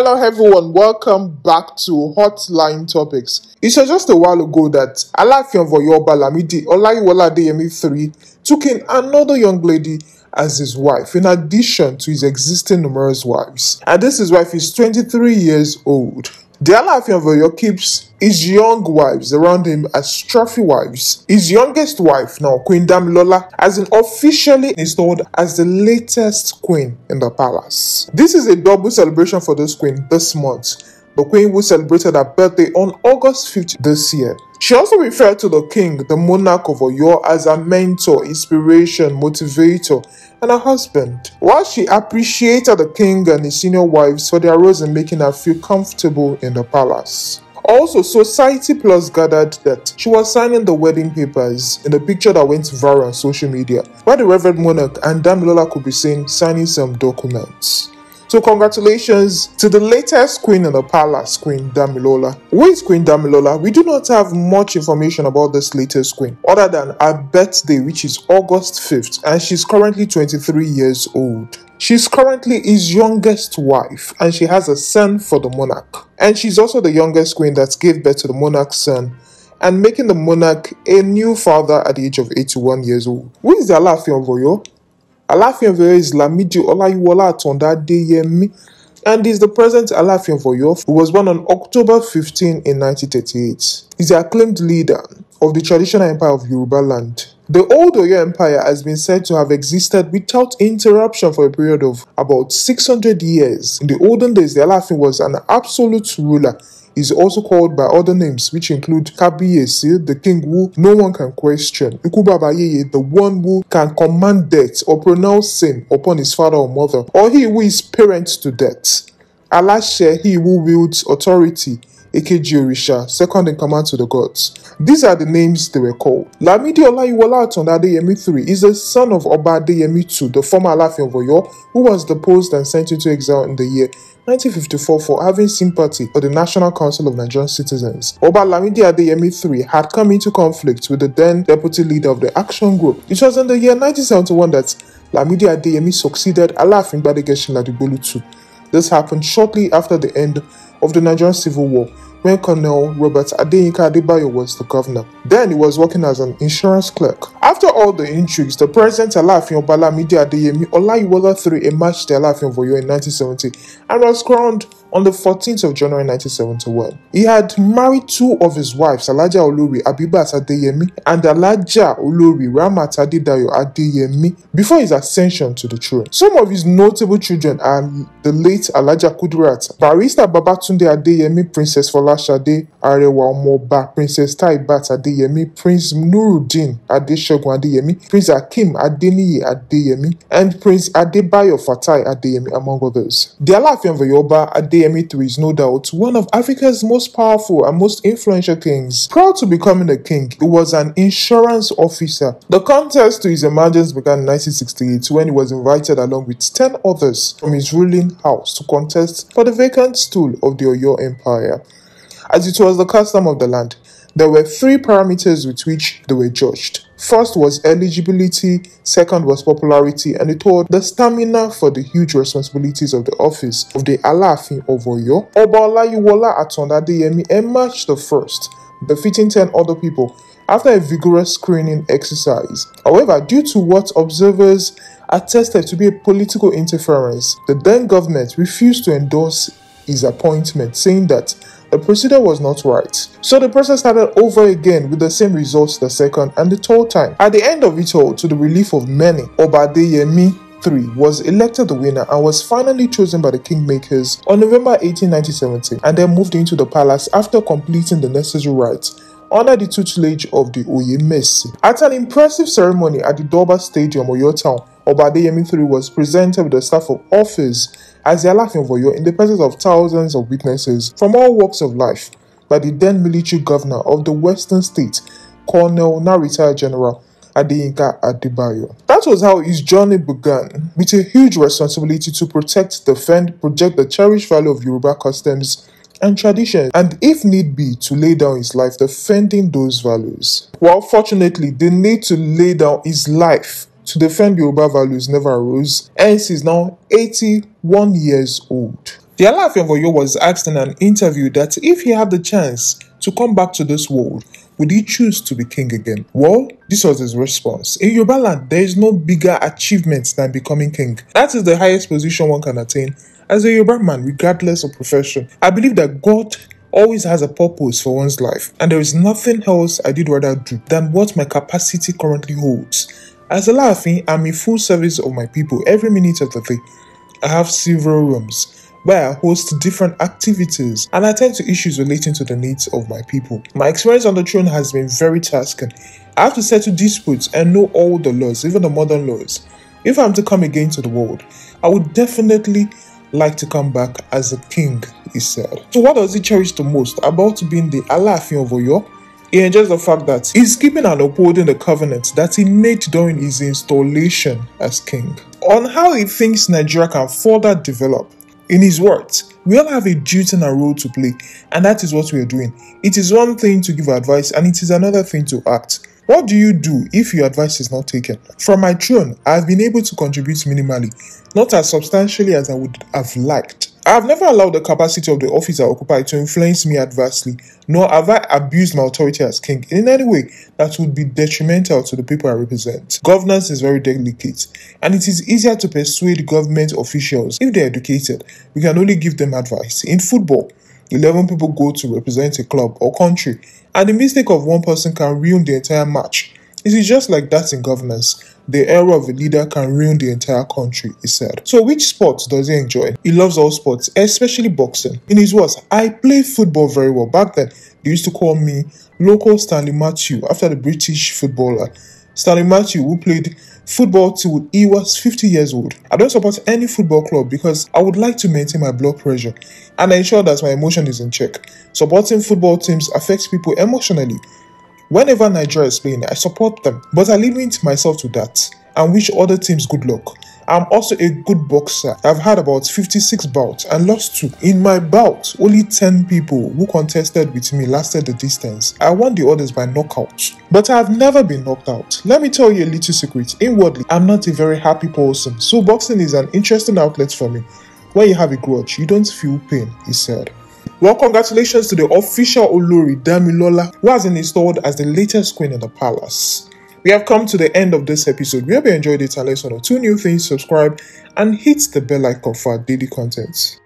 Hello, everyone. Welcome back to Hotline Topics. It was just a while ago that Alafion Voyoba Lamidi Olaiwola Adeyemi III took in another young lady as his wife, in addition to his existing numerous wives. And this is wife is 23 years old. The Alaafin of Oyo keeps his young wives around him as trophy wives. His youngest wife, now Queen Damilola, has been officially installed as the latest queen in the palace. This is a double celebration for this queen this month. The queen who celebrated her birthday on August 5th this year she also referred to the king, the monarch of Oyo, as a mentor, inspiration, motivator, and her husband. While she appreciated the king and his senior wives for their roles in making her feel comfortable in the palace. Also, Society Plus gathered that she was signing the wedding papers in a picture that went viral on social media, where the Reverend Monarch and Lola could be seen signing some documents. So congratulations to the latest queen in the palace, Queen Damilola. Who is Queen Damilola? We do not have much information about this latest queen, other than her birthday, which is August 5th, and she's currently 23 years old. She's currently his youngest wife, and she has a son for the monarch. And she's also the youngest queen that gave birth to the monarch's son, and making the monarch a new father at the age of 81 years old. Who is the laughing of Oyo? Alaafin of is Lamidi Olayiwola Atanda Adeyemi and is the present Alaafin of who was born on October 15 in 1938. He is the acclaimed leader of the traditional empire of Yoruba land. The old Oyo Empire has been said to have existed without interruption for a period of about 600 years. In the olden days, the Alafin was an absolute ruler. He is also called by other names, which include Kabiyesi, the king who no one can question, Ikubabayeye, the one who can command death or pronounce sin upon his father or mother, or he who is parent to death, Alashe, he who wields authority, Ekeji Orisha, second in command to the gods. These are the names they were called. Lamidi Olayiwola Atonda Adeyemi III is the son of Oba Adeyemi II, the former Alaafin of Oyo, who was deposed and sent into exile in the year 1954 for having sympathy for the National Council of Nigerian Citizens. Oba Lamidi Adeyemi III had come into conflict with the then deputy leader of the Action Group. It was in the year 1971 that Lamidi Adeyemi succeeded Alaafin Gbadegesin Ladigbolu II. This happened shortly after the end of the Nigerian Civil War when Colonel Robert Adeyinka Adebayo was the governor. Then he was working as an insurance clerk. After all the intrigues, the present Alaafin Obalamide Adeyemi Olayiwola III emerged the laughing of you in 1970 and was crowned on the 14th of January 1971. He had married two of his wives, Alaja Olori Abibat Adeyemi and Alaja Olori Ramat Adedayo Adeyemi, before his ascension to the throne. Some of his notable children are the late Alaja Kudurat, Barista Babatunde Adeyemi, Princess Folashade Arewa Omoba, Princess Taibat Adeyemi, Prince Nuruddin Adeshogun Adeyemi, Prince Akim Adeniyi Adeyemi, and Prince Adebayo Fatai Adeyemi, among others. The Alaafin Adeyemi Adeyemi III is no doubt one of Africa's most powerful and most influential kings. Prior to becoming a king, he was an insurance officer. The contest to his emergence began in 1968 when he was invited along with 10 others from his ruling house to contest for the vacant stool of the Oyo Empire. As it was the custom of the land, there were three parameters with which they were judged First was eligibility, second was popularity, and the third, the stamina for the huge responsibilities of the office of the Alaafin of Oyo. Oba Olayiwola Atondadeyemi emerged the first, defeating 10 other people after a vigorous screening exercise. However, due to what observers attested to be a political interference, the then government refused to endorse his appointment, saying that the procedure was not right. So the process started over again with the same results the second and the third time. At the end of it all, to the relief of many, Obadeyemi 3 was elected the winner and was finally chosen by the kingmakers on November 18, 1970 and then moved into the palace after completing the necessary rites under the tutelage of the Oyemesi. At an impressive ceremony at the Doba Stadium, Oyo Town, Obadeyemi III was presented with the staff of office as they are laughing for you in the presence of thousands of witnesses from all walks of life by the then military governor of the western state, Colonel, now retired General Adeyinka Adebayo. That was how his journey began, with a huge responsibility to protect, defend, project the cherished value of Yoruba customs and traditions, and if need be, to lay down his life defending those values. While fortunately, the need to lay down his life to defend Yoruba values never arose, hence he's now 80 one years old. The Alaafin of Oyo was asked in an interview that if he had the chance to come back to this world, would he choose to be king again? Well, this was his response. In Yoruba land, there is no bigger achievement than becoming king. That is the highest position one can attain as a Yoruba man, regardless of profession. I believe that God always has a purpose for one's life, and there is nothing else I did rather do than what my capacity currently holds. As a Laafin, I'm in full service of my people every minute of the day I have several rooms where I host different activities and attend to issues relating to the needs of my people. My experience on the throne has been very tasking. I have to settle disputes and know all the laws, even the modern laws. If I'm to come again to the world, I would definitely like to come back as a king, he said. So, what does he cherish the most about being the Alaafin of Oyo? He enjoys the fact that he's keeping and upholding the covenant that he made during his installation as king. On how he thinks Nigeria can further develop, in his words, we all have a duty and a role to play, and that is what we are doing. It is one thing to give advice, and it is another thing to act. What do you do if your advice is not taken? From my throne, I have been able to contribute minimally, not as substantially as I would have liked. I have never allowed the capacity of the office I occupy to influence me adversely, nor have I abused my authority as king in any way that would be detrimental to the people I represent. Governance is very delicate, and it is easier to persuade government officials if they're educated. We can only give them advice. In football, 11 people go to represent a club or country, and the mistake of one person can ruin the entire match. It is just like that in governance. The error of a leader can ruin the entire country, he said. So, which sports does he enjoy? He loves all sports, especially boxing. In his words, I play football very well. Back then, they used to call me local Stanley Matthew after the British footballer. Stanley Matthew, who played football till he was 50 years old. I don't support any football club because I would like to maintain my blood pressure and ensure that my emotion is in check. Supporting football teams affects people emotionally Whenever Nigeria is playing, I support them, but I limit myself to that and wish other teams good luck. I'm also a good boxer. I've had about 56 bouts and lost two. In my bout, only 10 people who contested with me lasted the distance. I won the others by knockout. But I've never been knocked out. Let me tell you a little secret. Inwardly, I'm not a very happy person, so boxing is an interesting outlet for me. When you have a grudge, you don't feel pain, he said. Well, congratulations to the official Olori Damilola, who has been installed as the latest queen in the palace. We have come to the end of this episode. We hope you enjoyed it and let two new things, subscribe, and hit the bell icon for our daily content.